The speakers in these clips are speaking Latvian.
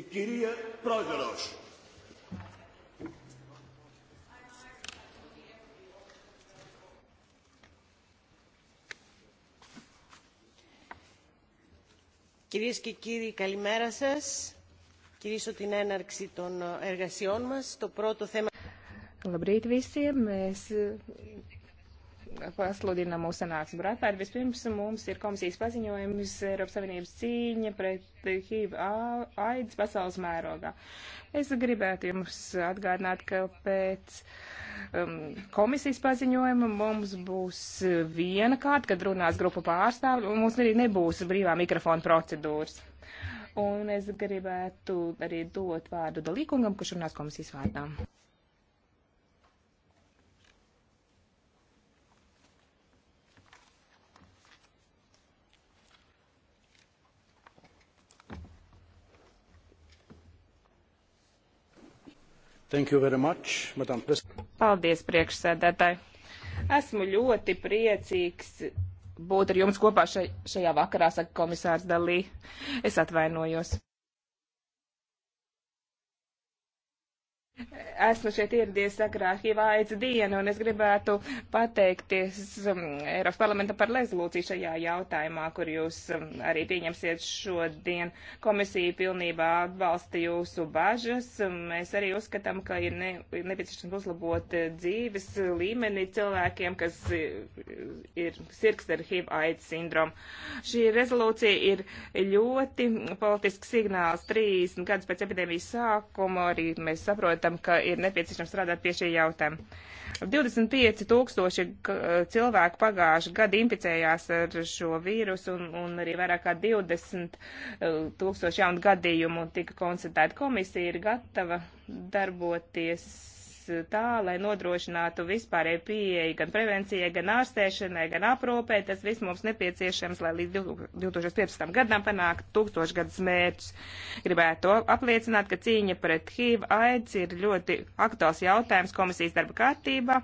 Κυρία Πρόεδρος. E Κυρίες και κύριοι, καλημέρα σας. Κυρίσω την έναρξη των εργασιών μας. Το πρώτο θέμα... Labrīt visiem! Mēs pasludina mūsu sanāksmu ratāri. Vispirms mums ir komisijas paziņojums Eiropas Savienības cīņa pret HIV aids pasaules mērogā. Es gribētu jums atgādināt, ka pēc um, komisijas paziņojuma mums būs viena kārta, kad runās grupu pārstāvju, un mums arī nebūs brīvā mikrofona procedūras. Un es gribētu arī dot vārdu Dalīkungam, kurš runās komisijas vārdām. Much, Paldies, priekšsēdētāji. Esmu ļoti priecīgs būt ar jums kopā šai, šajā vakarā, saka komisārs Dalī. Es atvainojos esmu šeit ieradies agrākajā vaica diena, un es gribētu pateikties um, Eiropas parlamenta par rezolūciju šajā jautājumā, kur jūs um, arī pieņemsiet šodien. Komisija pilnībā atbalsta jūsu bažas. Um, mēs arī uzskatām, ka ir, ne, ir nepieciešams uzlabot eh, dzīves līmeni cilvēkiem, kas eh, ir sirgs ar HIV aids sindromu. Šī rezolūcija ir ļoti politisks signāls. 30 gadus pēc epidēmijas sākuma arī mēs saprotam, ka ir nepieciešams strādāt pie šī jautājuma. 25 tūkstoši eh, cilvēku pagājuši gadu inficējās ar šo vīrusu un, un arī vairāk kā 20 eh, tūkstoši jaunu gadījumu tika konstatēta. Komisija ir gatava darboties tā, lai nodrošinātu vispārēju pieeju gan prevencijai, gan ārstēšanai, gan aprūpē. Tas viss mums nepieciešams, lai līdz 2015. gadam panāktu tūkstošgadus mērķus. Gribētu apliecināt, ka cīņa pret HIV aids ir ļoti aktuāls jautājums komisijas darba kārtībā.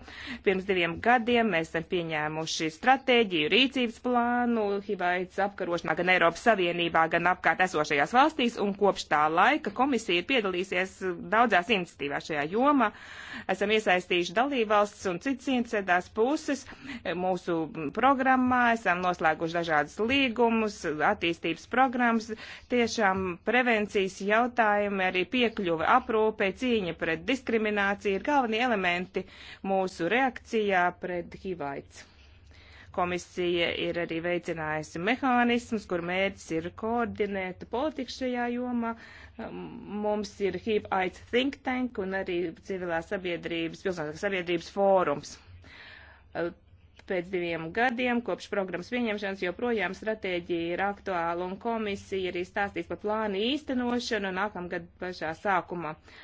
Pirms diviem gadiem mēs esam pieņēmuši stratēģiju, rīcības plānu HIV aids apkarošanā gan Eiropas Savienībā, gan apkārt esošajās valstīs, un kopš tā laika komisija ir piedalīsies daudzās iniciatīvās šajā jomā esam iesaistījuši dalībvalsts un citas interesētās puses mūsu programmā, esam noslēguši dažādas līgumus, attīstības programmas, tiešām prevencijas jautājumi, arī piekļuve aprūpē, cīņa pret diskrimināciju ir galvenie elementi mūsu reakcijā pret HIV aids. Komisija ir arī veicinājusi mehānismus, kur mērķis ir koordinēt politiku šajā jomā. Um, mums ir HIV AIDS think tank un arī civilā sabiedrības, pilsoniskās sabiedrības fórums. Uh, pēc diviem gadiem, kopš programmas pieņemšanas, joprojām stratēģija ir aktuāla un komisija arī stāstīs par plānu īstenošanu nākamgad pašā sākumā. Uh,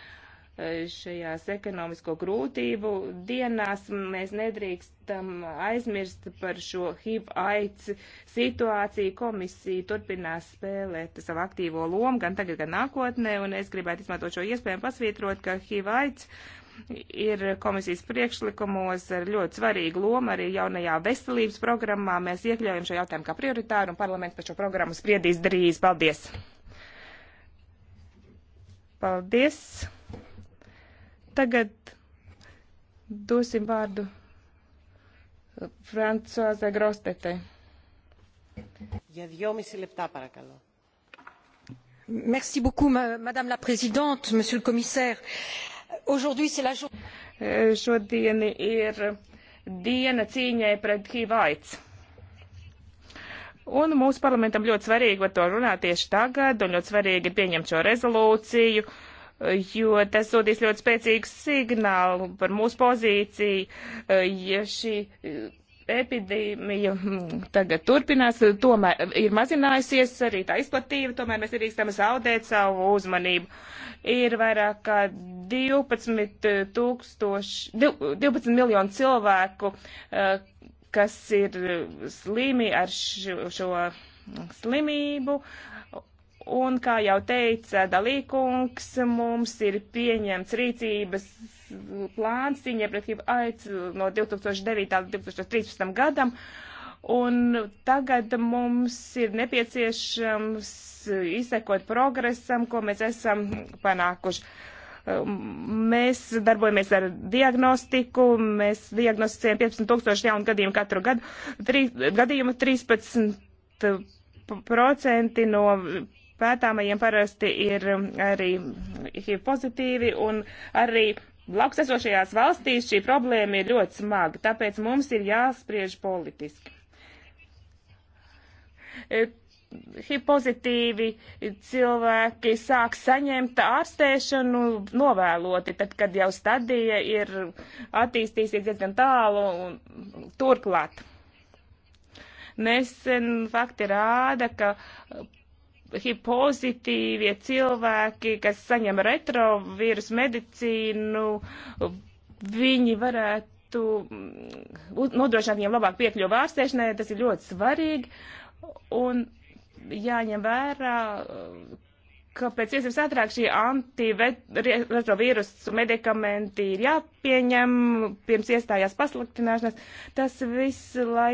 šajās ekonomisko grūtību dienās mēs nedrīkstam aizmirst par šo HIV aids situāciju. Komisija turpinās spēlēt savu aktīvo lomu gan tagad, gan nākotnē, un es gribētu izmantot šo iespēju pasvītrot, ka HIV aids ir komisijas priekšlikumos ar ļoti svarīgu lomu arī jaunajā veselības programmā. Mēs iekļaujam šo jautājumu kā prioritāru, un parlaments par šo programmu spriedīs drīz. Paldies! Paldies! Tagad dosim vārdu Francoāzē Grostetē. Για δυόμιση λεπτά παρακαλώ. Merci beaucoup, Madame la Présidente, Monsieur le Commissaire. Aujourd'hui, c'est la journée. Eh, šodien ir diena cīņai pret HIV aids. Un mūsu parlamentam ļoti svarīgi par to runāt tieši tagad, un ļoti svarīgi ir pieņemt šo rezolūciju. Uh, jo tas sūtīs ļoti spēcīgu signālu par mūsu pozīciju, e, ja šī e, epidēmija mm, tagad turpinās, tomēr ir mazinājusies arī tā izplatība, tomēr mēs nedrīkstam zaudēt savu uzmanību. Ir vairāk kā 12, e, tūkstoši, 12 miljonu cilvēku, kas ir slimi ar šo, šo slimību, Un, kā jau teica Dalīkungs, mums ir pieņemts rīcības plāns cīņai pret HIV aids no 2009. līdz 2013. gadam. Un tagad mums ir nepieciešams izsekot progresam, ko mēs esam panākuši. Um, mēs darbojamies ar diagnostiku, mēs diagnosticējam 15 tūkstoši jaunu gadījumu katru gadu, 3, gadījumu 13 procenti no pētāmajiem parasti ir um, arī HIV pozitīvi un arī blakus esošajās valstīs šī problēma ir ļoti smaga, tāpēc mums ir jāspriež politiski. E, HIV pozitīvi cilvēki sāk saņemt ārstēšanu novēloti, tad, kad jau stadija ir attīstīsies diezgan tālu un turklāt. Nesen fakti rāda, ka pozitīvie cilvēki, kas saņem retrovīrus medicīnu, viņi varētu mm, nodrošināt viņiem labāk piekļuvu ārstēšanai, tas ir ļoti svarīgi. Un jāņem vērā, ka pēc iespējas ātrāk šī antiretrovīrusu medikamenti ir jāpieņem pirms iestājās pasliktināšanas. Tas viss, lai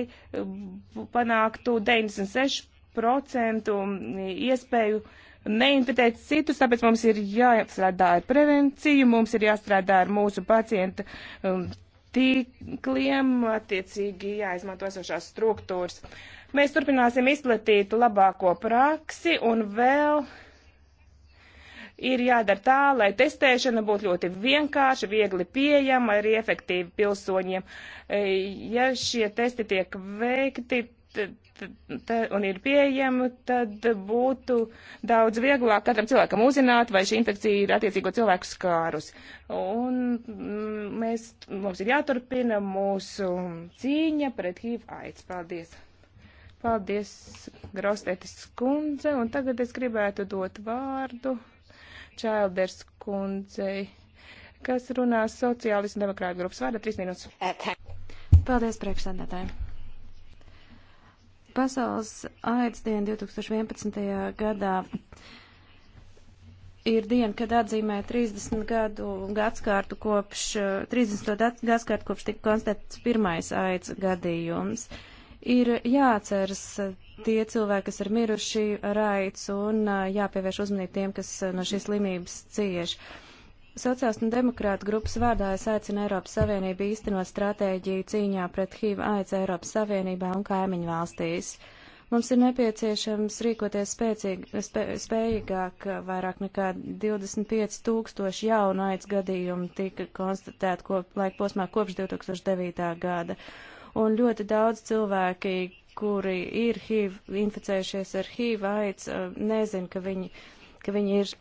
panāktu 96 procentu iespēju neinfitēt citus, tāpēc mums ir jāstrādā ar prevenciju, mums ir jāstrādā ar mūsu pacienta um, tīkliem, attiecīgi jāizmanto esošās struktūras. Mēs turpināsim izplatīt labāko praksi un vēl ir jādara tā, lai testēšana būtu ļoti vienkārša, viegli pieejama, arī efektīva pilsoņiem. E, ja šie testi tiek veikti, un ir pieejama, tad būtu daudz vieglāk katram cilvēkam uzzināt, vai šī infekcija ir attiecīgo cilvēku skārus. Un mm, mēs, mums ir jāturpina mūsu cīņa pret HIV aids. Paldies! Paldies, Graustetis kundze, un tagad es gribētu dot vārdu Čēlders kundzei, kas runās sociālistu demokrātu grupas vārdā trīs minūtes. Paldies, priekšsēdētāji! Pasaules aids diena 2011. gadā ir diena, kad atzīmē 30 gadu gadskārtu kopš, 30. gadskārtu kopš tika konstatēts pirmais aids gadījums. Ir jāatceras tie cilvēki, kas ir miruši ar aids un jāpievērš uzmanību tiem, kas no šīs slimības cieši. Sociālistu un demokrātu grupas vārdā es aicinu Eiropas Savienību īstenot stratēģiju cīņā pret HIV aids Eiropas Savienībā un kaimiņu valstīs. Mums ir nepieciešams rīkoties spēcīgi, spē, spējīgāk, vairāk nekā 25 tūkstoši jaunu aids gadījumu tika konstatēti kop, laika posmā kopš 2009. gada. Un ļoti daudz cilvēki, kuri ir HIV, inficējušies ar HIV aids, nezin, ka viņi, ka viņi ir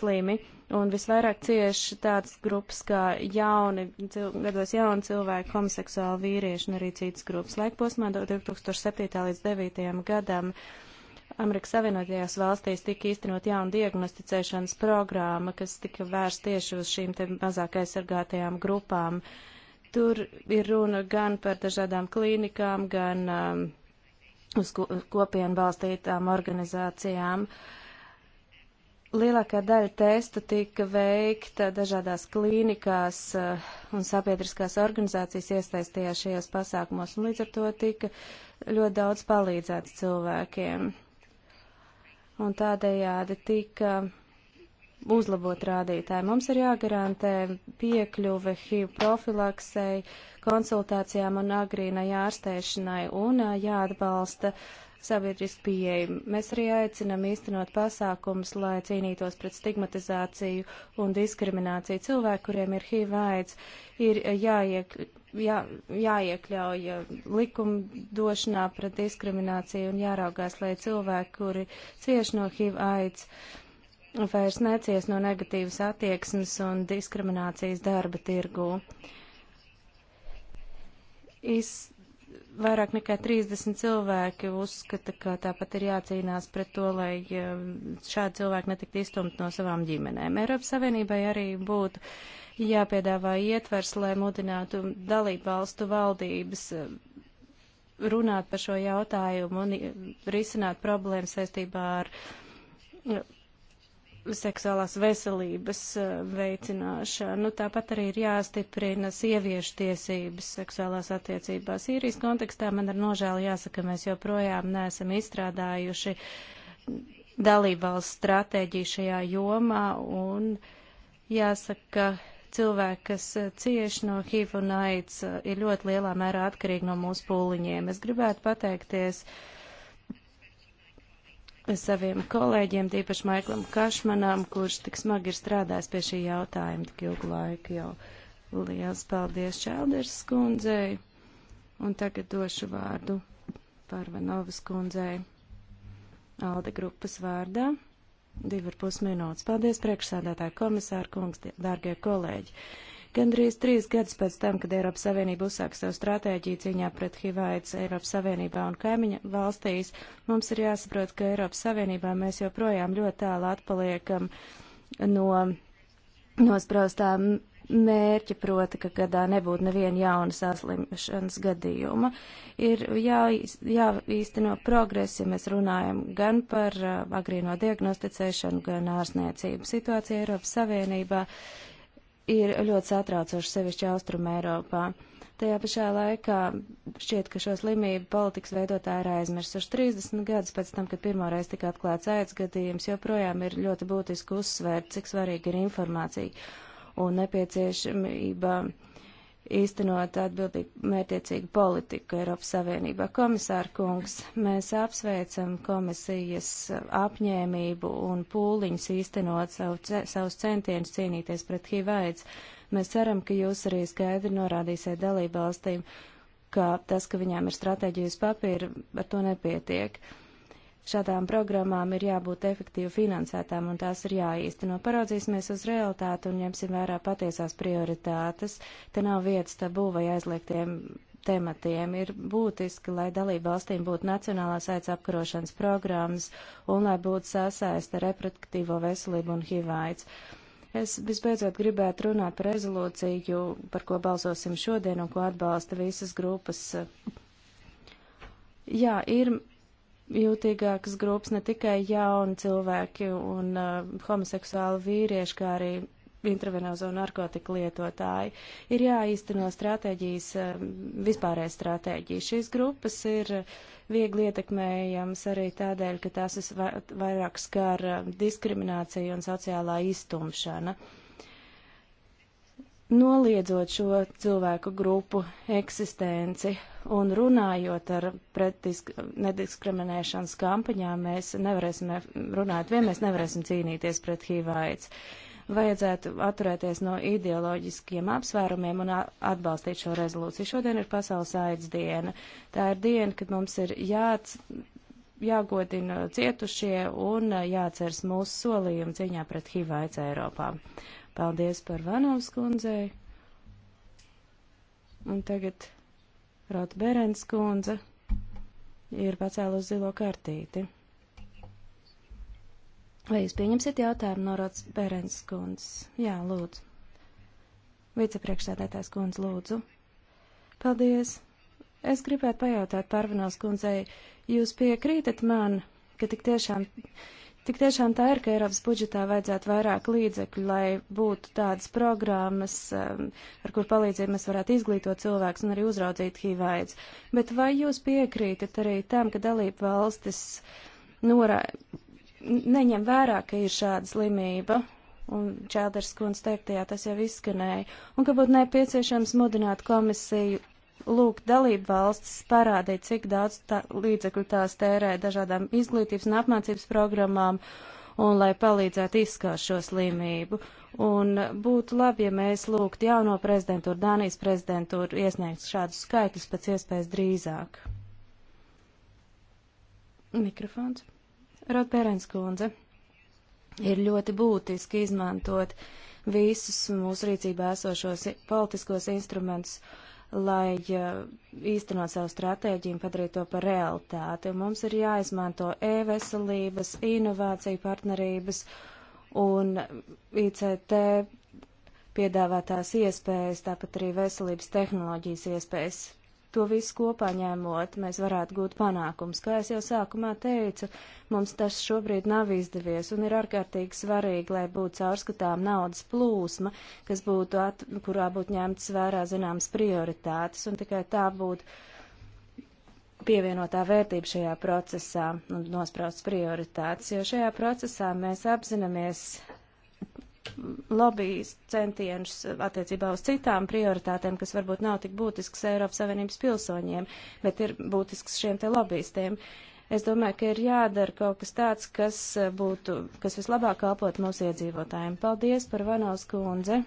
slimi un visvairāk cieši tāds grupas kā jauni, cil, gados jauni cilvēki, homoseksuāli vīrieši un arī citas grupas. Laikposmā no 2007. līdz 2009. gadam Amerikas Savienotajās valstīs tika īstenot jauna diagnosticēšanas programma, kas tika vērsta tieši uz šīm te mazāk aizsargātajām grupām. Tur ir runa gan par dažādām klīnikām, gan um, uz kopienu balstītām organizācijām. Uh, Lielākā daļa testu tika veikta dažādās klīnikās eh, un sabiedriskās organizācijas iesaistījās šajos pasākumos, un līdz ar to tika ļoti daudz palīdzēts cilvēkiem. Un tādējādi tika uzlabot rādītāji. Mums ir jāgarantē piekļuve HIV profilaksei, konsultācijām un agrīnai ārstēšanai un eh, jāatbalsta uh, sabiedriski pieejami. Mēs arī aicinam īstenot pasākums, lai cīnītos pret stigmatizāciju un diskrimināciju. Cilvēki, kuriem ir HIV aids, ir jāiek, jā, jāiekļauj likumdošanā pret diskrimināciju un jāraugās, lai cilvēki, kuri cieš no HIV aids, vairs necies no negatīvas attieksmes un diskriminācijas darba tirgū. Iz, vairāk nekā 30 cilvēki uzskata, ka tāpat ir jācīnās pret to, lai eh, šādi cilvēki netiktu iztumti no savām ģimenēm. Eiropas Savienībai arī būtu jāpiedāvā ietvers, lai mudinātu dalību valstu valdības eh, runāt par šo jautājumu un eh, risināt problēmu saistībā ar seksuālās veselības eh, veicināšanu. Nu, tāpat arī ir jāstiprina sieviešu tiesības seksuālās attiecībās. Īrijas kontekstā man ar nožēlu jāsaka, mēs joprojām neesam izstrādājuši dalībvalsts stratēģiju šajā jomā un jāsaka, cilvēki, kas eh, cieši no HIV un AIDS, eh, ir ļoti lielā mērā atkarīgi no mūsu pūliņiem. Es gribētu pateikties uh, saviem kolēģiem, tīpaši Maiklam Kašmanam, kurš tik smagi ir strādājis pie šī jautājuma tik ilgu laiku jau. Liels paldies Čelders skundzei, un tagad došu vārdu Parvanovas skundzei Alde grupas vārdā. Divi ar pus minūtes. Paldies priekšsādātāju komisāru kungs, dārgie kolēģi. Uh, Gandrīz trīs gadus pēc tam, kad Eiropas Savienība uzsāka savu stratēģiju cīņā pret HIVAIDS Eiropas Savienībā un kaimiņa valstīs, mums ir jāsaprot, ka Eiropas Savienībā mēs joprojām ļoti tālu atpaliekam no nospraustā mērķa, proti, ka gadā nebūtu neviena jauna saslimšanas gadījuma. Ir jā, jāīsteno progresi, ja mēs runājam gan par uh, agrīno diagnosticēšanu, gan ārsniecību. Situācija Eiropas Savienībā ir ļoti satraucoši sevišķi Austrum Eiropā. Tajā pašā laikā šķiet, ka šo slimību politikas veidotāji ir aizmirsuši. 30 gadus pēc tam, kad pirmoreiz tika atklāts aids gadījums, joprojām ir ļoti būtiski uzsvērt, cik svarīga ir informācija un nepieciešamība. Uh, īstenot atbildīgu mērķiecīgu politiku Eiropas Savienībā. Komisāra kungs, mēs apsveicam komisijas apņēmību un pūliņus īstenot savu, ce, savus centienus cīnīties pret HIV-aids. Mēs ceram, ka jūs arī skaidri norādīsiet dalībvalstīm, ka tas, ka viņām ir stratēģijas papīra, ar to nepietiek. Uh, Šādām programmām ir jābūt efektīvi finansētām un tās ir jāīsteno. Paraudzīsimies uz realitāti un ņemsim vērā patiesās prioritātes. Te nav vietas tabū vai aizliegtiem tematiem. Ir būtiski, lai dalība valstīm būtu nacionālās aids apkarošanas programmas un lai būtu sasaista reproduktīvo veselību un hivaids. Es visbeidzot gribētu runāt par rezolūciju, par ko balsosim šodien un ko atbalsta visas grupas. Jā, ir jūtīgākas grupas ne tikai jauni cilvēki un uh, homoseksuāli vīrieši, kā arī intravenozo narkotiku lietotāji. Ir jāīsteno stratēģijas, uh, vispārējais stratēģija. Šīs grupas ir viegli ietekmējams arī tādēļ, ka tās vairāk skar um, diskriminācija un sociālā iztumšana. Uh, noliedzot šo cilvēku grupu eksistenci un runājot ar nediskriminēšanas kampaņām, mēs nevarēsim runāt, vien mēs nevarēsim cīnīties pret HIV-aids. Vajadzētu atturēties no ideoloģiskiem apsvērumiem un atbalstīt šo rezolūciju. Šodien ir pasaules aids diena. Tā ir diena, kad mums ir jāc, jāgodina cietušie un jāceras mūsu solījumi cīņā pret HIV-aids Eiropā. Paldies par Vanovas kundzei. Un tagad Rota Berens kundze ir pacēlus zilo kartīti. Vai jūs pieņemsiet jautājumu no Rots Berens kundzes? Jā, lūdzu. Vicepriekšsēdētājs kundze, lūdzu. Paldies. Es gribētu pajautāt Parvinos kundzei, jūs piekrītat man, ka tik tiešām Tik tiešām tā ir, ka Eiropas budžetā vajadzētu vairāk līdzekļu, lai būtu tādas programmas, um, ar kur palīdzību mēs varētu izglītot cilvēkus un arī uzraudzīt hīvaids. Bet vai jūs piekrītat arī tam, ka dalība valstis norā... neņem vērā, ka ir šāda slimība? Un Čēlders kundze teiktajā tas jau izskanēja, un ka būtu nepieciešams mudināt komisiju lūgt dalību valstis parādīt, cik daudz tā, līdzekļu tās tērē dažādām izglītības un apmācības programmām un lai palīdzētu izskaust šo slimību. Un būtu labi, ja mēs lūgtu jauno prezidentūru, Dānijas prezidentūru iesniegt šādus skaitļus pēc iespējas drīzāk. Mikrofons. Rotbērens kundze. Ir ļoti būtiski izmantot visus mūsu rīcībā esošos politiskos instrumentus. Uh, lai īstenot savu stratēģiju un padarītu to par realitāti. Mums ir jāizmanto e-veselības, inovāciju partnerības un ICT piedāvātās iespējas, tāpat arī veselības tehnoloģijas iespējas To visu kopā ņēmot, mēs varētu gūt panākums. Kā es jau sākumā teicu, mums tas šobrīd nav izdevies un ir ārkārtīgi svarīgi, lai būtu caurskatām naudas plūsma, kas būtu, at, kurā būtu ņemtas vērā zināmas prioritātes un tikai tā būtu pievienotā vērtība šajā procesā un nospraustas prioritātes, jo šajā procesā mēs apzināmies lobijas centienus attiecībā uz citām prioritātēm, kas varbūt nav tik būtisks Eiropas Savienības pilsoņiem, bet ir būtisks šiem te lobbyistiem. Es domāju, ka ir jādara kaut kas tāds, kas būtu, kas vislabāk kalpot mūsu iedzīvotājiem. Paldies par Vanovs kundze.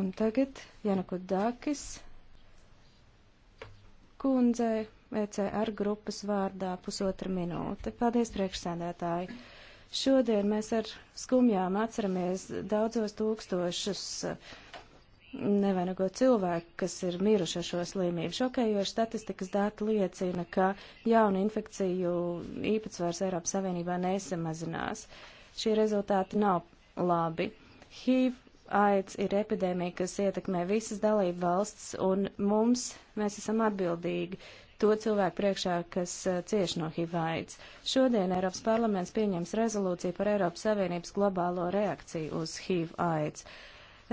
Un tagad Janakudakis kundze ECR grupas vārdā pusotra minūte. Paldies priekšsēdētāji. Šodien mēs ar skumjām atceramies daudzos tūkstošus eh, nevainago cilvēku, kas ir miruši ar šo slimību. Šokējoši statistikas dati liecina, ka jaunu infekciju īpatsvars Eiropas Savienībā nesamazinās. Šie rezultāti nav labi. HIV aids ir epidēmija, kas ietekmē visas dalību valsts, un mums, mēs esam atbildīgi to cilvēku priekšā, kas uh, cieši no HIV-aids. Šodien Eiropas parlaments pieņems rezolūciju par Eiropas Savienības globālo reakciju uz HIV-aids.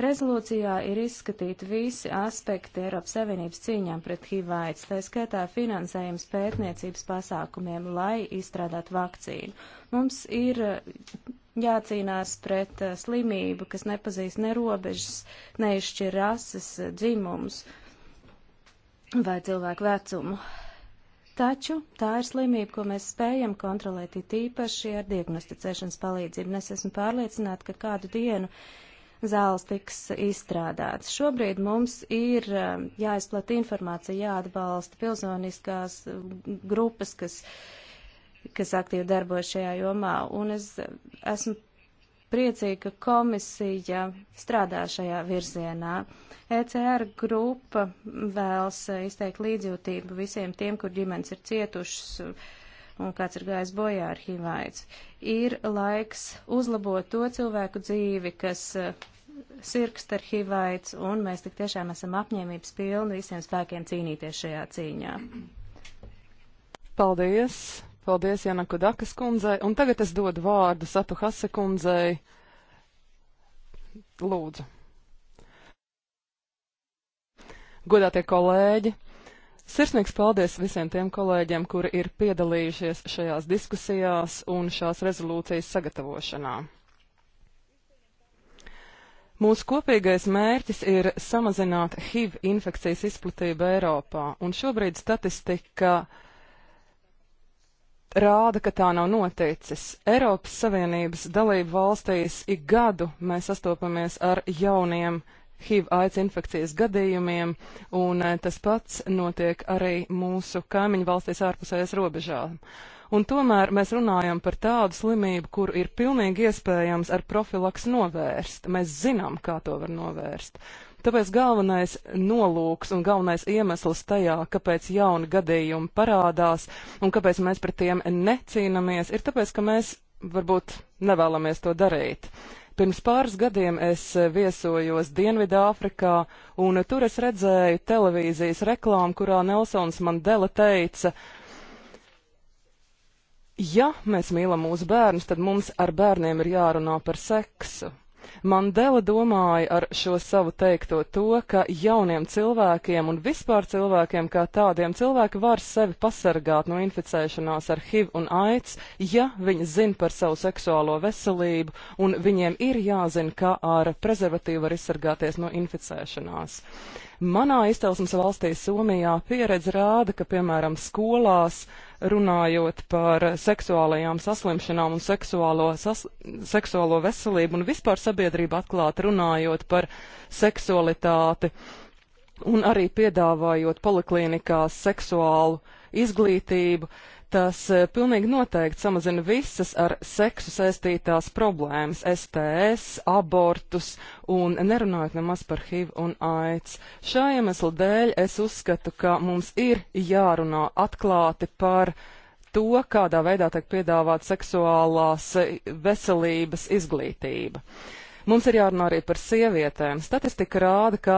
Rezolūcijā ir izskatīti visi aspekti Eiropas Savienības cīņām pret HIV-aids, tā skaitā finansējums pētniecības pasākumiem, lai izstrādātu vakcīnu. Mums ir uh, jācīnās pret uh, slimību, kas nepazīst ne robežas, neizšķir rases, dzimumus. Uh, vai cilvēku vecumu. Taču tā ir slimība, ko mēs spējam kontrolēt it īpaši ar diagnosticēšanas palīdzību, un es esmu pārliecināta, ka kādu dienu zāles tiks izstrādātas. Šobrīd mums ir um, jāizplata informācija, jāatbalsta pilsoniskās um, grupas, kas, kas aktīvi darbojas šajā jomā, un es um, esmu priecīga, ka komisija strādā šajā virzienā. ECR grupa vēlas izteikt līdzjūtību visiem tiem, kur ģimenes ir cietušas un kāds ir gājis bojā ar hivaids. Ir laiks uzlabot to cilvēku dzīvi, kas eh, sirkst ar hivaids, un mēs tik tiešām esam apņēmības pilni visiem spēkiem cīnīties šajā cīņā. Paldies! Paldies Janaku Dakas kundzei, un tagad es dodu vārdu Satu Hase kundzei. Lūdzu. Godātie kolēģi, Sirsnīgs paldies visiem tiem kolēģiem, kuri ir piedalījušies šajās diskusijās un šās rezolūcijas sagatavošanā. Mūsu kopīgais mērķis ir samazināt HIV infekcijas izplatību Eiropā, un šobrīd statistika uh, rāda, ka tā nav noticis. Eiropas Savienības dalību valstīs ik gadu mēs sastopamies ar jauniem HIV aids infekcijas gadījumiem, un eh, tas pats notiek arī mūsu kaimiņu valstīs ārpusējas robežām. Un tomēr mēs runājam par tādu slimību, kuru ir pilnīgi iespējams ar profilaks novērst. Mēs zinām, kā to var novērst. Tāpēc galvenais nolūks un galvenais iemesls tajā, kāpēc jauni gadījumi parādās un kāpēc mēs pret tiem necīnamies, ir tāpēc, ka mēs varbūt nevēlamies to darīt. Pirms pāris gadiem es viesojos Dienvidāfrikā, un tur es redzēju televīzijas reklāmu, kurā Nelsons Mandela teica, ja mēs mīlam mūsu bērnus, tad mums ar bērniem ir jārunā par seksu. Mandela domāja ar šo savu teikto to, ka jauniem cilvēkiem un vispār cilvēkiem kā tādiem cilvēki var sevi pasargāt no inficēšanās ar HIV un AIDS, ja viņi zina par savu seksuālo veselību un viņiem ir jāzina, kā ar prezervatīvu var izsargāties no inficēšanās. Manā izcelsmes valstī Somijā pieredze rāda, ka, piemēram, skolās runājot par seksuālajām saslimšanām un seksuālo, sas, seksuālo veselību un vispār sabiedrību atklāt runājot par seksualitāti un arī piedāvājot poliklinikās seksuālu izglītību. Uh, Tas eh, pilnīgi noteikti samazina visas ar seksu saistītās problēmas - STS, abortus un nerunājot nemaz par HIV un AIDS. Šā iemesla dēļ es uzskatu, ka mums ir jārunā atklāti par to, kādā veidā tiek piedāvāta seksuālās eh, veselības izglītība. Uh, Mums ir jārunā arī par sievietēm. Statistika rāda, ka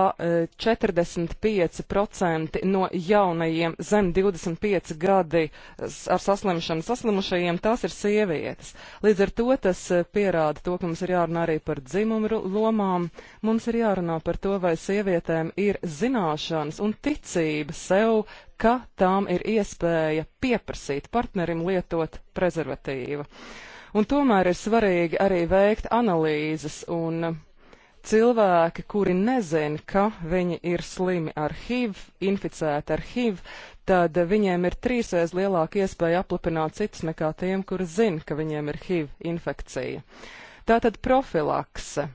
45% e, no jaunajiem zem 25 gadi ar saslimšanu saslimušajiem tās ir sievietes. Līdz ar to tas e, pierāda to, ka mums ir jārunā arī par dzimumu lomām. Mums ir jārunā par to, vai sievietēm ir zināšanas un ticība sev, ka tām ir iespēja pieprasīt partnerim lietot prezervatīvu. Uh, Un tomēr ir svarīgi arī veikt analīzes un cilvēki, kuri nezina, ka viņi ir slimi ar HIV, inficēti ar HIV, tad viņiem ir trīsreiz lielāka iespēja aplipināt citus nekā tiem, kuri zina, ka viņiem ir HIV infekcija. Tātad profilakse.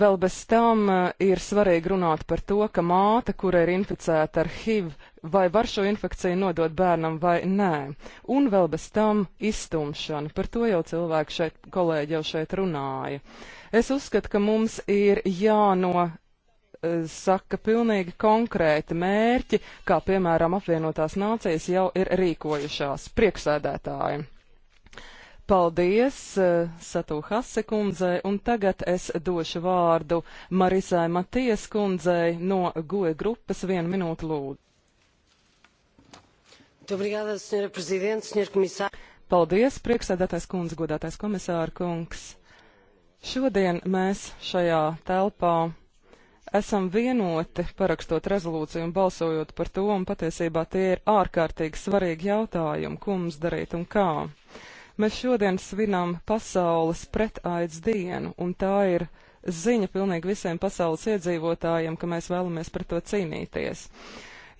Vēl bez tam ir svarīgi runāt par to, ka māte, kura ir inficēta ar HIV, vai var šo infekciju nodot bērnam vai nē. Un vēl bez tam iztumšana, par to jau cilvēki šeit, kolēģi jau šeit runāja. Es uzskatu, ka mums ir jāno eh, saka pilnīgi konkrēti mērķi, kā piemēram apvienotās nācijas jau ir rīkojušās prieksēdētāji. Paldies uh, eh, Satū Hase kundzei, un tagad es došu vārdu Marisai Maties kundzei no GOE grupas vienu minūtu lūdzu. Paldies, priekšsēdētais kundze, godātais komisāra kungs. Šodien mēs šajā telpā esam vienoti, parakstot rezolūciju un balsojot par to, un patiesībā tie ir ārkārtīgi svarīgi jautājumi, ko mums darīt un kā. Mēs šodien svinam pasaules pretaids dienu, un tā ir ziņa pilnīgi visiem pasaules iedzīvotājiem, ka mēs vēlamies par to cīnīties.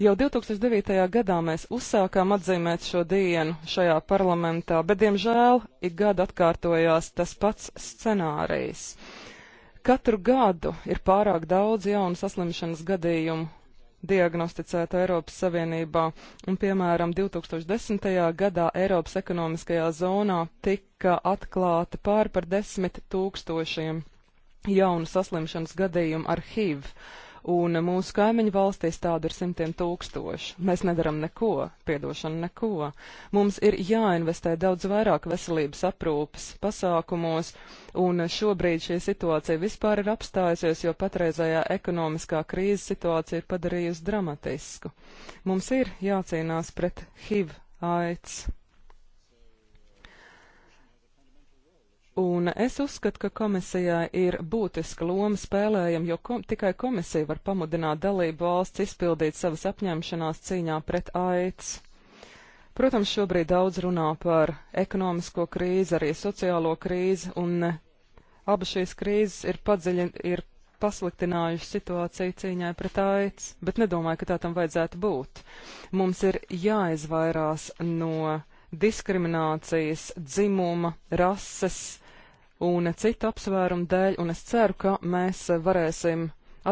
Jau 2009. gadā mēs uzsākām atzīmēt šo dienu šajā parlamentā, bet, diemžēl, ik gadu atkārtojās tas pats scenārijs. Katru gadu ir pārāk daudz jaunu saslimšanas gadījumu diagnosticēta Eiropas Savienībā, un, piemēram, 2010. gadā Eiropas ekonomiskajā zonā tika atklāti pāri par desmit tūkstošiem jaunu saslimšanas gadījumu ar HIV un mūsu kaimiņu valstīs tādu ir simtiem tūkstoši. Mēs nedaram neko, piedošana neko. Mums ir jāinvestē daudz vairāk veselības aprūpas pasākumos, un šobrīd šī situācija vispār ir apstājusies, jo patreizējā ekonomiskā krīzes situācija ir padarījusi dramatisku. Mums ir jācīnās pret HIV aids. Un es uzskatu, ka komisijai ir būtiska loma spēlējama, jo kom tikai komisija var pamudināt dalību valsts izpildīt savas apņemšanās cīņā pret aids. Protams, šobrīd daudz runā par ekonomisko krīzi, arī sociālo krīzi, un abas šīs krīzes ir, padziļi, ir pasliktinājuši situāciju cīņai pret aids, bet nedomāju, ka tā tam vajadzētu būt. Mums ir jāizvairās no diskriminācijas, dzimuma, rases, un citu apsvērumu dēļ, un es ceru, ka mēs varēsim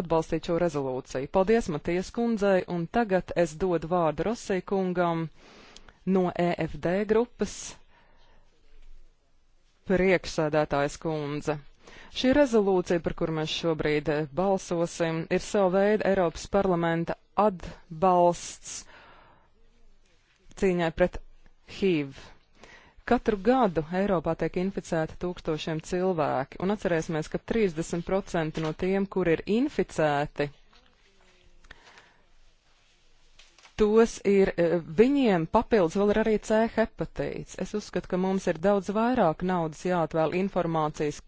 atbalstīt šo rezolūciju. Paldies Matijas kundzei, un tagad es dodu vārdu Rosī kungam no EFD grupas priekšsēdētājas kundze. Šī rezolūcija, par kuru mēs šobrīd eh, balsosim, ir savu veidu Eiropas parlamenta atbalsts cīņai pret HIV. Katru gadu Eiropā tiek inficēti tūkstošiem cilvēki, un atcerēsimies, ka 30% no tiem, kur ir inficēti, tos ir, e, viņiem papildus vēl ir arī C hepatīts. Es uzskatu, ka mums ir daudz vairāk naudas jāatvēl informācijas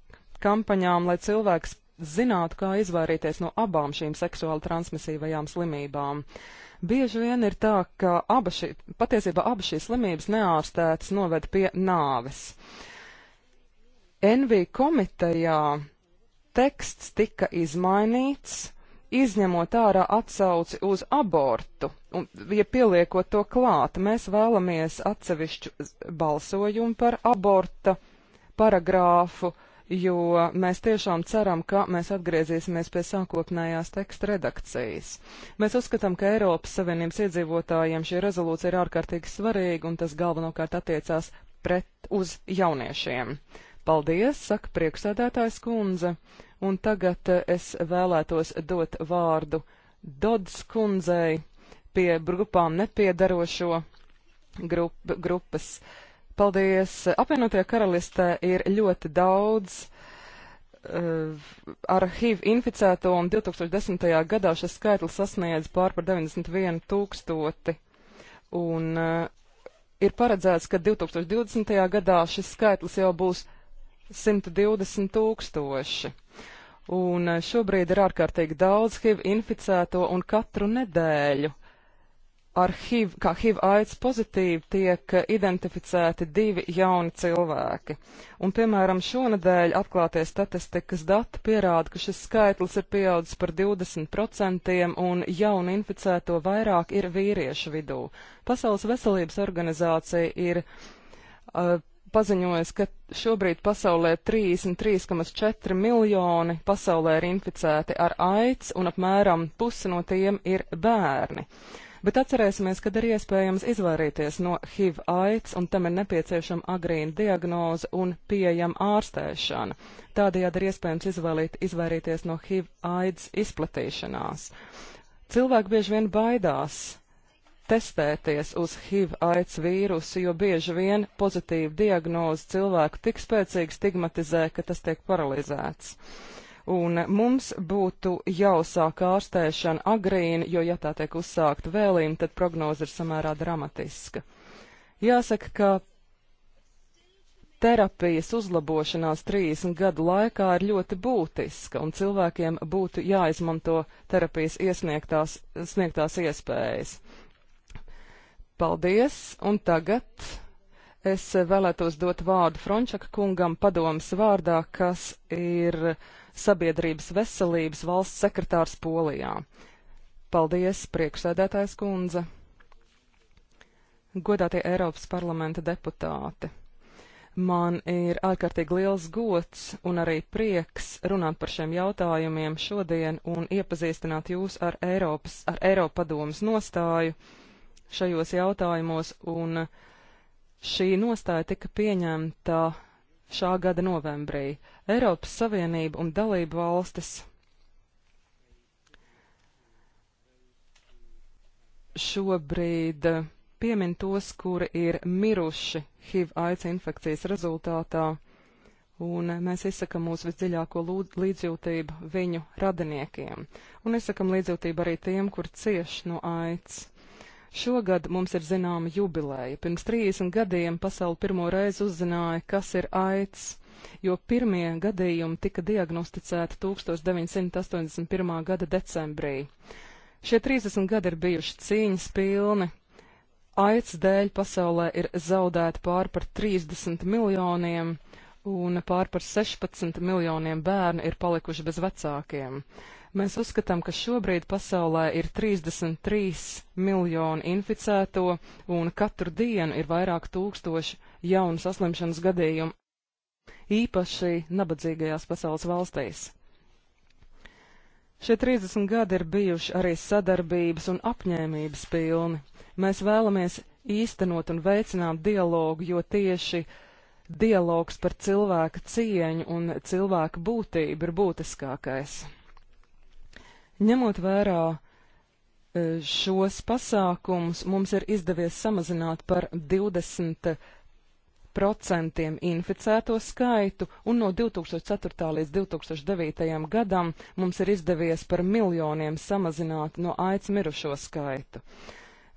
kampaņām, lai cilvēks zinātu, kā izvairīties no abām šīm seksuāli transmisīvajām slimībām. Bieži vien ir tā, ka aba šī, patiesībā abas šīs slimības neārstētas noved pie nāves. NV komitejā teksts tika izmainīts, izņemot ārā atsauci uz abortu, un, ja pieliekot to klāt, mēs vēlamies atsevišķu balsojumu par aborta paragrāfu, uh, jo mēs tiešām ceram, ka mēs atgriezīsimies pie sākotnējās teksta redakcijas. Mēs uzskatām, ka Eiropas Savienības iedzīvotājiem šī rezolūcija ir ārkārtīgi svarīga, un tas galvenokārt attiecās pret uz jauniešiem. Paldies, saka priekšsēdētājs kundze, un tagad eh, es vēlētos dot vārdu Dods kundzei pie grupām nepiedarošo grup, grupas. Uh, Paldies! Apvienotajā karalistē ir ļoti daudz uh, eh, ar HIV inficēto un 2010. gadā šis skaitlis sasniedz pār par 91 tūkstoti. Un uh, ir paredzēts, ka 2020. gadā šis skaitlis jau būs 120 tūkstoši. Un uh, šobrīd ir ārkārtīgi daudz HIV inficēto un katru nedēļu ar HIV, kā HIV aids pozitīvi tiek identificēti divi jauni cilvēki. Un, piemēram, šonadēļ atklātie statistikas dati pierāda, ka šis skaitlis ir pieaudzis par 20% un jaunu inficēto vairāk ir vīriešu vidū. Pasaules veselības organizācija ir uh, paziņojusi, ka šobrīd pasaulē 33,4 miljoni pasaulē ir inficēti ar aids un apmēram pusi no tiem ir bērni. Uh, Bet atcerēsimies, kad ir iespējams izvairīties no HIV aids, un tam ir nepieciešama agrīna diagnoze un pieejama ārstēšana. Tādējādi ir iespējams izvairīt, izvairīties no HIV aids izplatīšanās. Cilvēki bieži vien baidās testēties uz HIV aids vīrusu, jo bieži vien pozitīva diagnoze cilvēku tik spēcīgi stigmatizē, ka tas tiek paralizēts un mums būtu jāuzsāk ārstēšana agrīni, jo ja tā tiek uzsākta vēlīm, tad prognoze ir samērā dramatiska. Jāsaka, ka terapijas uzlabošanās 30 gadu laikā ir ļoti būtiska, un cilvēkiem būtu jāizmanto terapijas iesniegtās, sniegtās iespējas. Paldies, un tagad Es vēlētos dot vārdu Frončaka kungam padomas vārdā, kas ir sabiedrības veselības valsts sekretārs Polijā. Paldies, priekšsēdētājs kundze! Godātie Eiropas parlamenta deputāti! Man ir ārkārtīgi liels gods un arī prieks runāt par šiem jautājumiem šodien un iepazīstināt jūs ar Eiropas, ar Eiropadomas nostāju šajos jautājumos un uh, Šī nostāja tika pieņemta šā gada novembrī. Eiropas Savienība un dalību valstis šobrīd piemin tos, kuri ir miruši HIV aids infekcijas rezultātā, un mēs izsakam mūsu visdziļāko līdzjūtību viņu radiniekiem, un izsakam līdzjūtību arī tiem, kur cieš no aids. Šogad mums ir zināma jubileja. Pirms 30 gadiem pasauli pirmo reizi uzzināja, kas ir aids, jo pirmie gadījumi tika diagnosticēti 1981. gada decembrī. Šie 30 gadi ir bijuši cīņas pilni. Aids dēļ pasaulē ir zaudēti pār par 30 miljoniem, un pār par 16 miljoniem bērnu ir palikuši bez vecākiem. Mēs uzskatām, ka šobrīd pasaulē ir 33 miljoni inficēto un katru dienu ir vairāk tūkstoši jaunu saslimšanas gadījumu, īpaši nabadzīgajās pasaules valstīs. Šie 30 gadi ir bijuši arī sadarbības un apņēmības pilni. Mēs vēlamies īstenot un veicināt dialogu, jo tieši dialogs par cilvēka cieņu un cilvēka būtību ir būtiskākais. Ņemot vērā e, šos pasākumus, mums ir izdevies samazināt par 20 procentiem inficēto skaitu, un no 2004. līdz 2009. gadam mums ir izdevies par miljoniem samazināt no aids mirušo skaitu.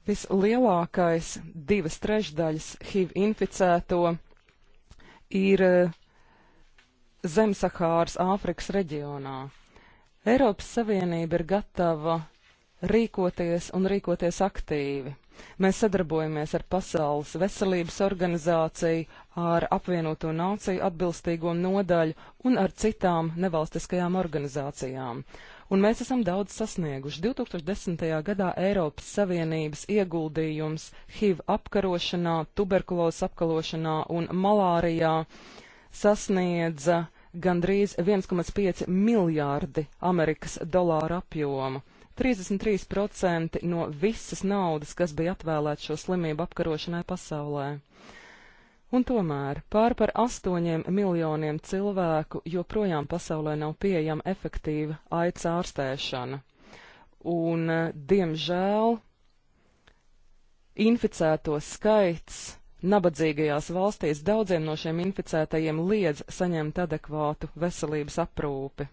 Vislielākais divas trešdaļas HIV inficēto ir e, Zemsahāras Āfrikas reģionā. Eiropas Savienība ir gatava rīkoties un rīkoties aktīvi. Mēs sadarbojamies ar Pasaules veselības organizāciju, ar apvienoto nāciju atbilstīgo nodaļu un ar citām nevalstiskajām organizācijām. Un mēs esam daudz sasnieguši. 2010. gadā Eiropas Savienības ieguldījums HIV apkarošanā, tuberkulozes apkarošanā un malārijā sasniedza gandrīz 1,5 miljārdi Amerikas dolāru apjomu. 33% no visas naudas, kas bija atvēlēta šo slimību apkarošanai pasaulē. Un tomēr pār par astoņiem miljoniem cilvēku joprojām pasaulē nav pieejama efektīva aids ārstēšana. Un, diemžēl, inficēto skaits Nabadzīgajās valstīs daudziem no šiem inficētajiem liedz saņemt adekvātu veselības aprūpi.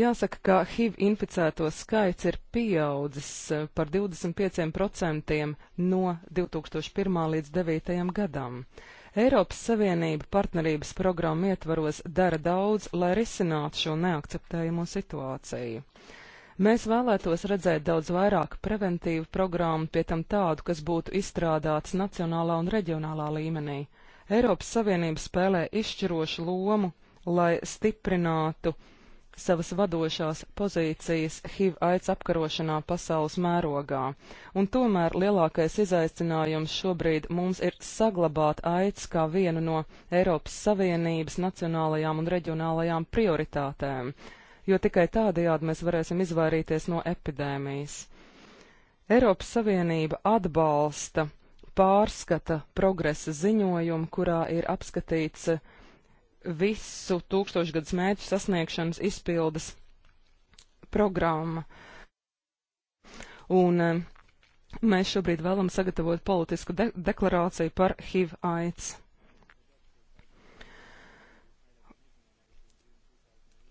Jāsaka, ka HIV inficēto skaits ir pieaudzis eh, par 25% no 2001. līdz 2009. gadam. Eiropas Savienība partnerības programmu ietvaros dara daudz, lai risinātu šo neakceptējamo situāciju. Mēs vēlētos redzēt daudz vairāk preventīvu programmu, pie tam tādu, kas būtu izstrādāts nacionālā un reģionālā līmenī. Eiropas Savienība spēlē izšķirošu lomu, lai stiprinātu savas vadošās pozīcijas HIV aids apkarošanā pasaules mērogā, un tomēr lielākais izaicinājums šobrīd mums ir saglabāt aids kā vienu no Eiropas Savienības nacionālajām un reģionālajām prioritātēm jo tikai tādējādi mēs varēsim izvairīties no epidēmijas. Eiropas Savienība atbalsta pārskata progresa ziņojumu, kurā ir apskatīts visu tūkstošgadus mērķu sasniegšanas izpildes programma. Un eh, mēs šobrīd vēlam sagatavot politisku de deklarāciju par HIV aids.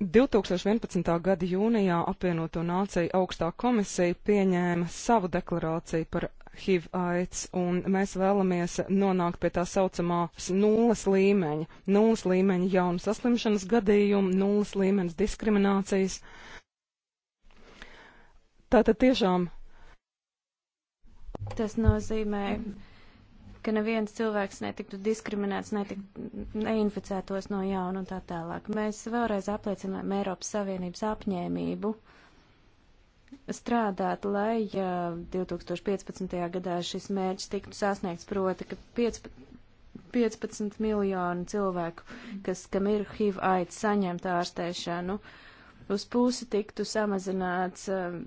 2011. gada jūnijā apvienoto nāciju augstā komisija pieņēma savu deklarāciju par HIV aids, un mēs vēlamies nonākt pie tā saucamā nulles līmeņa. Nulles līmeņa jaunu saslimšanas gadījumu, nulles līmenis diskriminācijas. Tātad tiešām. Tas nozīmē. Mm ka neviens cilvēks netiktu diskriminēts, netiktu neinficētos no jauna un tā tālāk. Mēs vēlreiz apliecinām Eiropas Savienības apņēmību strādāt, lai ja 2015. gadā šis mērķis tiktu sasniegts, proti, ka 15, 15 miljonu cilvēku, kas, kam ir HIV aids, saņemt ārstēšanu, uz pusi tiktu samazināts um,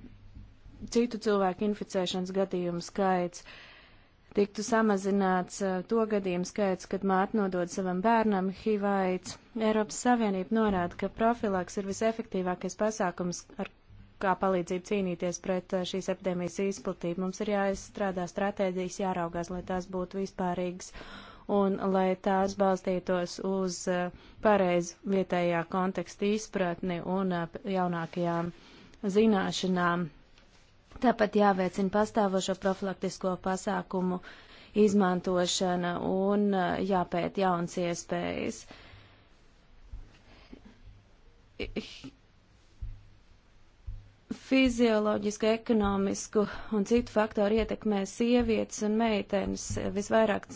citu cilvēku inficēšanas gadījumu skaits. Uh, tiktu samazināts eh, to gadījumu skaits, kad māte nodod savam bērnam HIV-aids. Eiropas Savienība norāda, ka profilaks ir visefektīvākais pasākums, ar kā palīdzību cīnīties pret eh, šīs epidēmijas izplatību. Mums ir jāizstrādā stratēģijas, jāraugās, lai tās būtu vispārīgas un lai tās balstītos uz eh, pareizu vietējā konteksta izpratni un jaunākajām zināšanām Tāpat jāveicina pastāvošo profilaktisko pasākumu izmantošana un uh, jāpēt jauns iespējas. Fizioloģisku, ekonomisku un citu faktoru ietekmē sievietes un meitenes visvairāk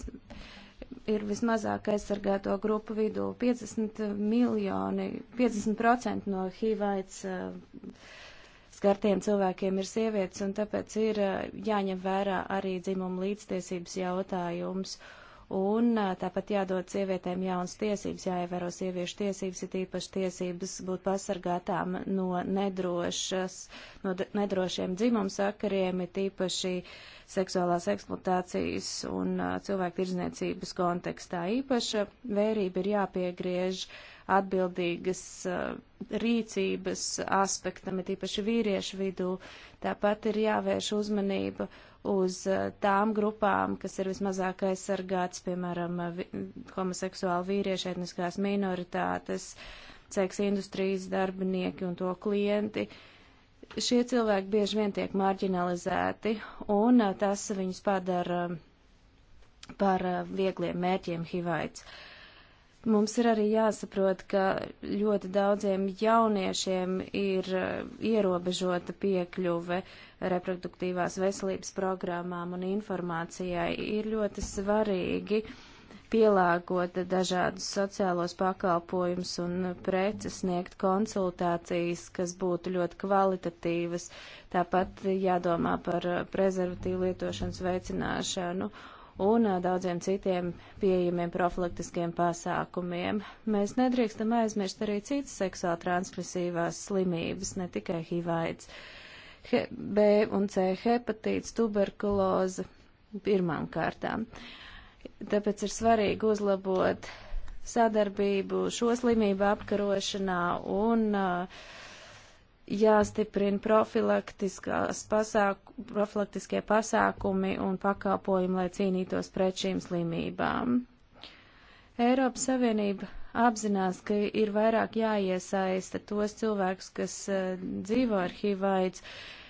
ir vismazāk aizsargāto grupu vidū. 50 miljoni, 50% no HIV aids uh, skartiem cilvēkiem ir sievietes, un tāpēc ir eh, jāņem vērā arī dzimuma līdztiesības jautājums. Un eh, tāpat jādod sievietēm jaunas tiesības, jāievēro sieviešu tiesības, ir īpaši tiesības būt pasargātām no nedrošas, no nedrošiem dzimumsakariem, ir īpaši seksuālās eksploatācijas un eh, cilvēku tirdzniecības kontekstā. Īpaša vērība ir jāpiegriež uh, atbildīgas eh, rīcības aspektam, ir tīpaši vīriešu vidū. Tāpat ir jāvērš uzmanība uz eh, tām grupām, kas ir vismazāk aizsargāts, piemēram, eh, homoseksuāli vīrieši, etniskās minoritātes, seks industrijas darbinieki un to klienti. Šie cilvēki bieži vien tiek marginalizēti, un tas viņus padara par viegliem mērķiem HIV-aids. Uh, Mums ir arī jāsaprot, ka ļoti daudziem jauniešiem ir eh, ierobežota piekļuve reproduktīvās veselības programmām un informācijai. Ir ļoti svarīgi pielāgot dažādus sociālos pakalpojumus un preces, sniegt konsultācijas, kas būtu ļoti kvalitatīvas. Tāpat jādomā par prezervatīvu lietošanas veicināšanu. Nu, un daudziem citiem pieejamiem profilaktiskiem pasākumiem. Mēs nedrīkstam aizmirst arī citas seksuāli transmisīvās slimības, ne tikai HIVAIDS, B un C hepatīts, tuberkuloze pirmām kārtām. Tāpēc ir svarīgi uzlabot sadarbību šo slimību apkarošanā un uh, jāstiprina pasāku, profilaktiskie pasākumi un pakalpojumi, lai cīnītos pret šīm slimībām. Eiropas Savienība apzinās, ka ir vairāk jāiesaista tos cilvēkus, kas eh, dzīvo ar HIV aids, uh,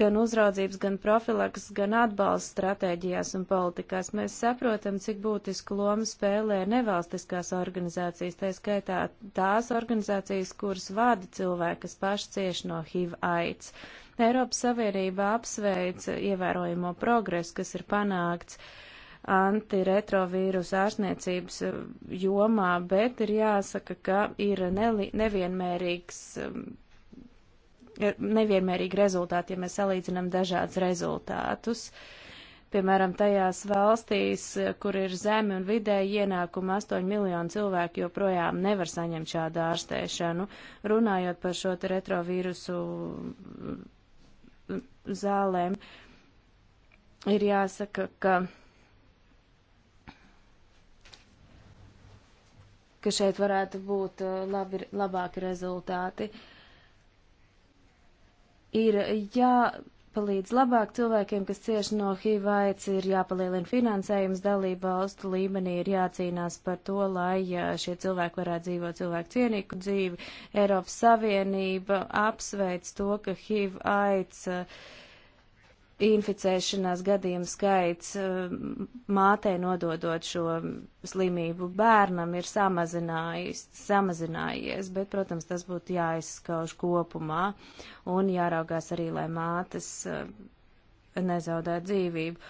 gan uzraudzības, gan profilaks, gan atbalsts stratēģijās un politikās. Mēs saprotam, cik būtisku lomu spēlē nevalstiskās organizācijas, tā skaitā tās organizācijas, kuras vada cilvēki, kas paši cieši no HIV aids. Eiropas Savienība apsveic ievērojamo progresu, kas ir panākts antiretrovīrusu ārstniecības eh, jomā, bet ir jāsaka, ka ir nevienmērīgs mm, nevienmērīgi rezultāti, ja mēs salīdzinām dažādus rezultātus. Piemēram, tajās valstīs, kur ir zemi un vidēji ienākumi, 8 miljonu cilvēku joprojām nevar saņemt šādu ārstēšanu. Runājot par šo retrovīrusu zālēm, ir jāsaka, ka. ka šeit varētu būt uh, labi, labāki rezultāti. Uh, ir jāpalīdz labāk cilvēkiem, kas cieši no HIV aids, ir jāpalielina finansējums dalība valstu līmenī, ir jācīnās par to, lai šie cilvēki varētu dzīvot cilvēku cienīgu dzīvi. Eiropas Savienība apsveic to, ka HIV aids uh, inficēšanās gadījumu skaits eh, mātē nododot šo slimību bērnam ir samazinājies, bet, protams, tas būtu jāizskauž kopumā un jāraugās arī, lai mātes eh, nezaudē dzīvību.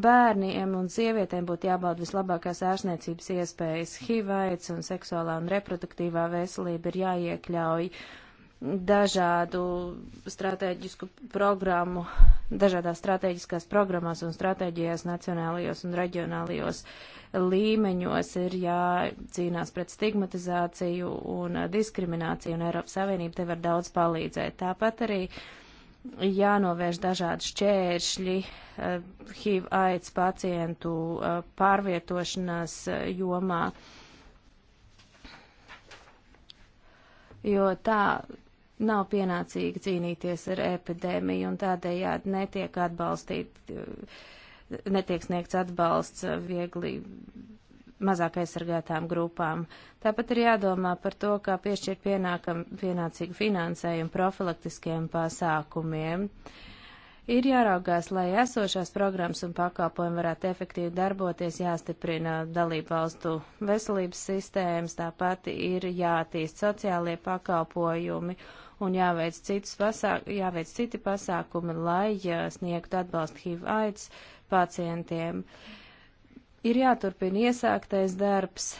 Bērniem un sievietēm būtu jābauda vislabākās ārstniecības iespējas. HIV, aids un seksuālā un reproduktīvā veselība ir jāiekļauj uh, dažādu strateģisku programmu, dažādās strateģiskās programmās un stratēģijās nacionālajos un reģionālajos līmeņos ir jācīnās pret stigmatizāciju un diskrimināciju, un Eiropas Savienība te var daudz palīdzēt. Tāpat arī jānovērš dažādi šķēršļi, eh, HIV aids pacientu eh, pārvietošanās eh, jomā. Jo tā nav pienācīgi cīnīties ar epidēmiju un tādējādi netiek atbalstīt, eh, netiek sniegts atbalsts viegli mazāk aizsargātām grupām. Tāpat ir jādomā par to, kā piešķirt pienākam, pienācīgu finansējumu profilaktiskiem pasākumiem. Ir jāraugās, lai esošās programmas un pakalpojumi varētu efektīvi darboties, jāstiprina dalību valstu veselības sistēmas, tāpat ir jātīst sociālie pakalpojumi un jāveic, pasāk, jāveic citi pasākumi, lai ja sniegtu atbalstu HIV aids pacientiem. Ir jāturpina iesāktais darbs,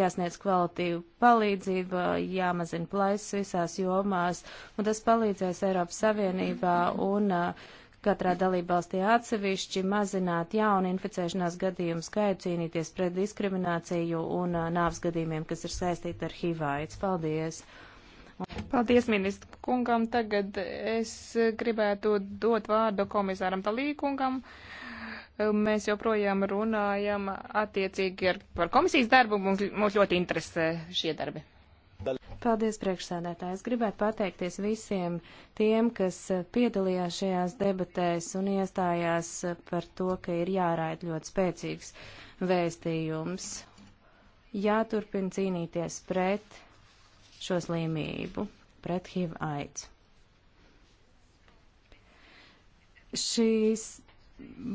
jāsniedz kvalitīvu palīdzību, jāmazina plaisas visās jomās, un tas palīdzēs Eiropas Savienībā un uh, katrā dalībvalstī atsevišķi mazināt jaunu inficēšanās gadījumu skaitu, cīnīties pret diskrimināciju un nāvs gadījumiem, kas ir saistīti ar HIV aids. Paldies! Paldies, ministra kungam. Tagad es gribētu dot vārdu komisāram Talīkungam. Mēs joprojām runājam attiecīgi ar, par komisijas darbu. Mums, mums ļoti interesē šie darbi. Paldies, priekšsēdētāji. Es gribētu pateikties visiem tiem, kas piedalījās šajās debatēs un iestājās par to, ka ir jāraid ļoti spēcīgs vēstījums. Jāturpina cīnīties pret šo slimību pret HIV aids. Šīs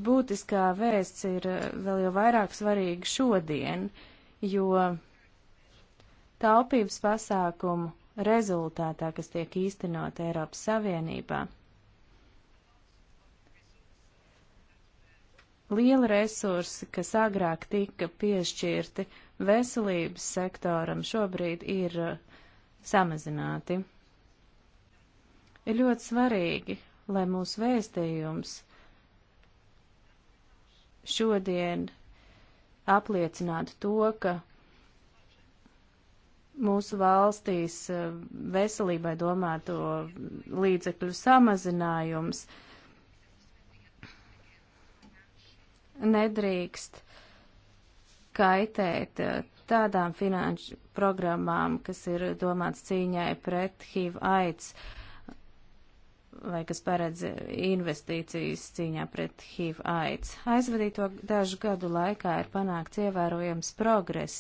būtiskā vēsts ir eh, vēl jau vairāk svarīga šodien, jo taupības pasākumu rezultātā, kas tiek īstenot Eiropas Savienībā, liela resursi, kas agrāk tika piešķirti veselības sektoram, šobrīd ir uh, samazināti. Ir ļoti svarīgi, lai mūsu vēstījums šodien apliecinātu to, ka mūsu valstīs eh, veselībai domāto līdzekļu samazinājums nedrīkst kaitēt eh, tādām finanšu programmām, kas ir domāts cīņai pret HIV aids vai kas paredz investīcijas cīņā pret HIV aids. Aizvadīto dažu gadu laikā ir panākts ievērojams progress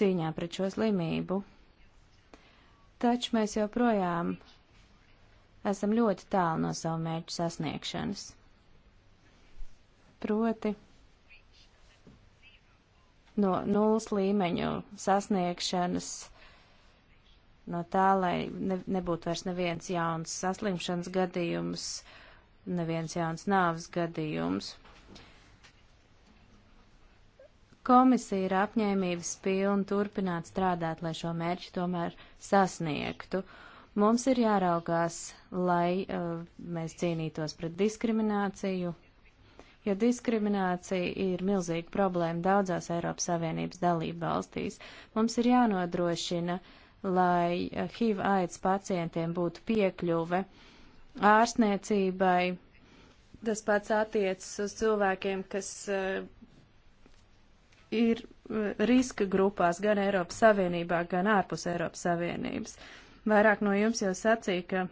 cīņā pret šo slimību, taču mēs joprojām esam ļoti tālu no savu mērķu sasniegšanas. Proti, no nulles līmeņu sasniegšanas, no tā, lai ne, nebūtu vairs neviens jauns saslimšanas gadījums, neviens jauns nāves gadījums. Komisija ir apņēmības pilna turpināt strādāt, lai šo mērķu tomēr sasniegtu. Mums ir jāraugās, lai uh, mēs cīnītos pret diskrimināciju, jo diskriminācija ir milzīga problēma daudzās Eiropas Savienības dalība valstīs. Mums ir jānodrošina, lai HIV aids pacientiem būtu piekļuve ārstniecībai. Tas pats attiecas uz cilvēkiem, kas eh, ir eh, riska grupās gan Eiropas Savienībā, gan ārpus Eiropas Savienības. Vairāk no jums jau sacīja, ka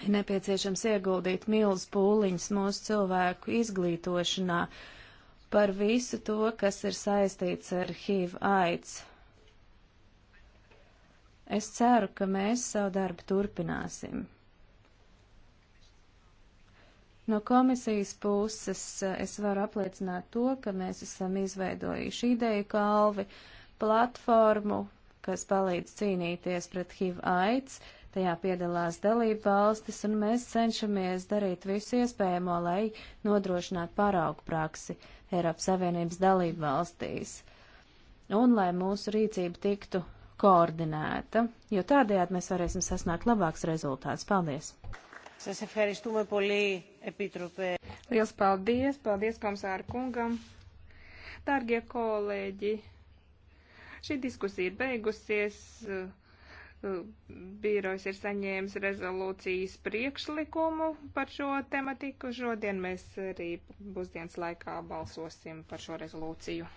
ir nepieciešams ieguldīt milz pūliņus mūsu cilvēku izglītošanā par visu to, kas ir saistīts ar HIV aids. Es ceru, ka mēs savu darbu turpināsim. No komisijas puses eh, es varu apliecināt to, ka mēs esam izveidojuši ideju kalvi, platformu, kas palīdz cīnīties pret HIV aids. Uh, tajā piedalās dalība valstis, un mēs cenšamies darīt visu iespējamo, lai nodrošinātu paraugu praksi Eiropas Savienības dalību valstīs, un lai mūsu rīcība tiktu koordinēta, jo tādējādi mēs varēsim sasniegt labāks rezultāts. Paldies! Σας ευχαριστούμε πολύ, Επίτροπε. Liels paldies, paldies komisāra kungam. Dārgie kolēģi, šī diskusija ir beigusies. Bīrojs ir saņēmis rezolūcijas priekšlikumu par šo tematiku. Šodien mēs arī pusdienas laikā balsosim par šo rezolūciju.